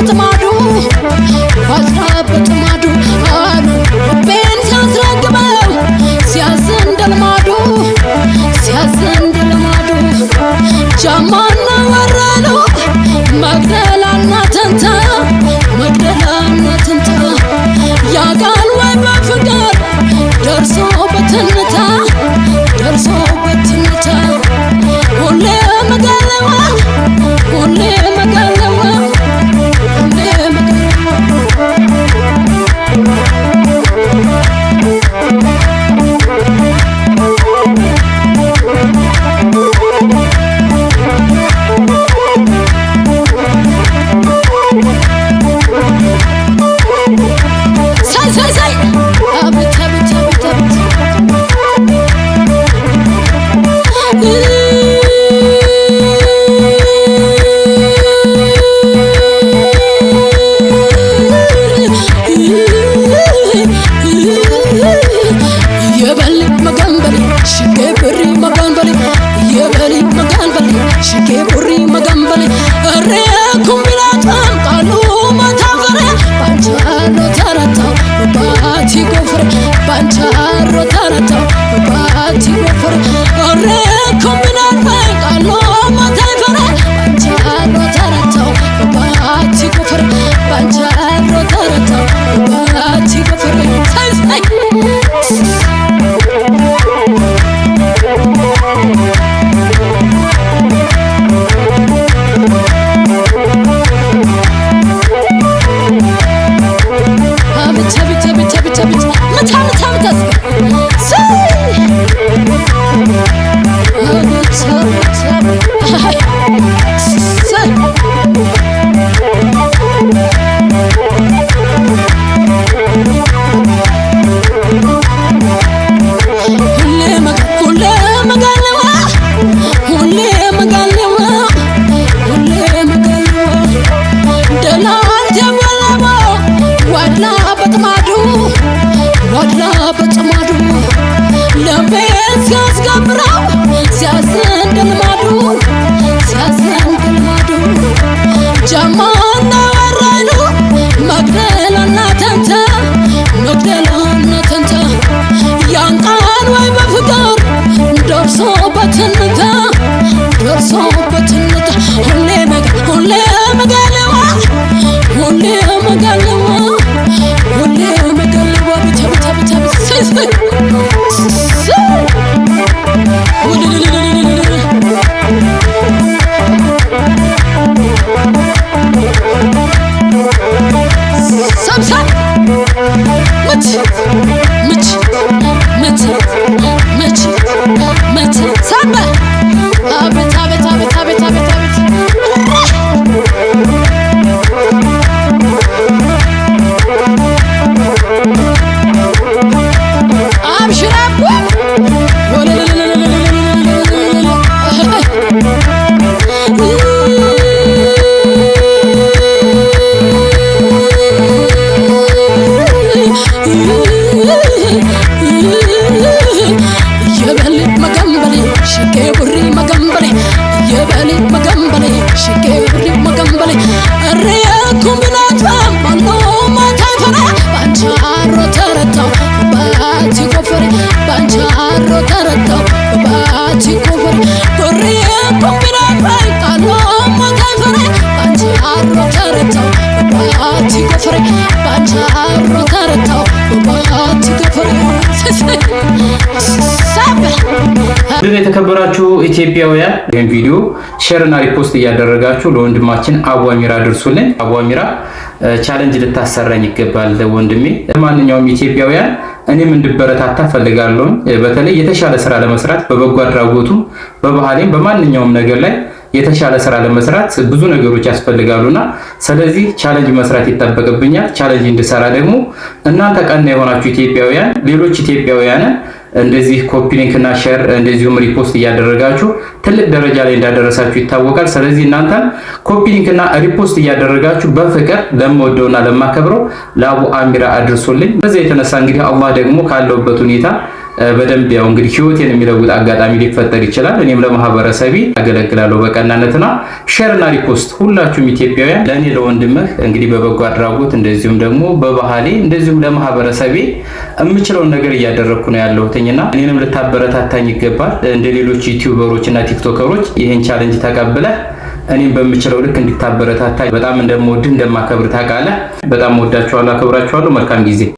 አዝራበት ማዶ አዝራበት አሉ ልቤን ጃማና ወረሎ መግደላና ተንታ መግደላና ተንታ ወይ በፍቅር ደርሶ በትንታ time. የተከበራችሁ ኢትዮጵያውያን ይህን ቪዲዮ ሼርና ሪፖስት እያደረጋችሁ ለወንድማችን አቡ አሚራ ድርሱልን። አቡ አሚራ ቻለንጅ ልታሰራኝ ይገባል ወንድሜ። ለማንኛውም ኢትዮጵያውያን እኔም እንድበረታታ ፈልጋለሁኝ። በተለይ የተሻለ ስራ ለመስራት በበጎ አድራጎቱ በባህሌም በማንኛውም ነገር ላይ የተሻለ ስራ ለመስራት ብዙ ነገሮች ያስፈልጋሉና ስለዚህ ቻለንጅ መስራት ይጠበቅብኛል። ቻለንጅ እንድሰራ ደግሞ እናንተ ቀና የሆናችሁ ኢትዮጵያውያን ሌሎች ኢትዮጵያውያንን እንደዚህ ኮፒ ሊንክ እና ሼር እንደዚሁም ሪፖስት እያደረጋችሁ ትልቅ ደረጃ ላይ እንዳደረሳችሁ ይታወቃል። ስለዚህ እናንተ ኮፒ ሊንክ እና ሪፖስት እያደረጋችሁ በፍቅር ለምወደውና ለማከብረው ለአቡ አሚራ አድርሶልኝ። በዚያ የተነሳ እንግዲህ አላህ ደግሞ ካለውበት ሁኔታ በደንብ ያው እንግዲህ ህይወቴን የሚለውጥ አጋጣሚ ሊፈጠር ይችላል። እኔም ለማህበረሰቤ አገለግላለሁ በቀናነትና ሼርና ሪፖስት ሁላችሁም ኢትዮጵያውያን ለእኔ ለወንድምህ እንግዲህ በበጎ አድራጎት እንደዚሁም ደግሞ በባህሌ እንደዚሁም ለማህበረሰቤ የምችለውን ነገር እያደረግኩ ነው ያለሁትኝና እኔንም ልታበረታታኝ ይገባል። እንደ ሌሎች ዩቲዩበሮች እና ቲክቶከሮች ይህን ቻለንጅ ተቀብለህ እኔም በምችለው ልክ እንድታበረታታኝ በጣም እንደምወድህ እንደማከብር ታውቃለህ። በጣም ወዳችኋለሁ፣ አከብራችኋለሁ። መልካም ጊዜ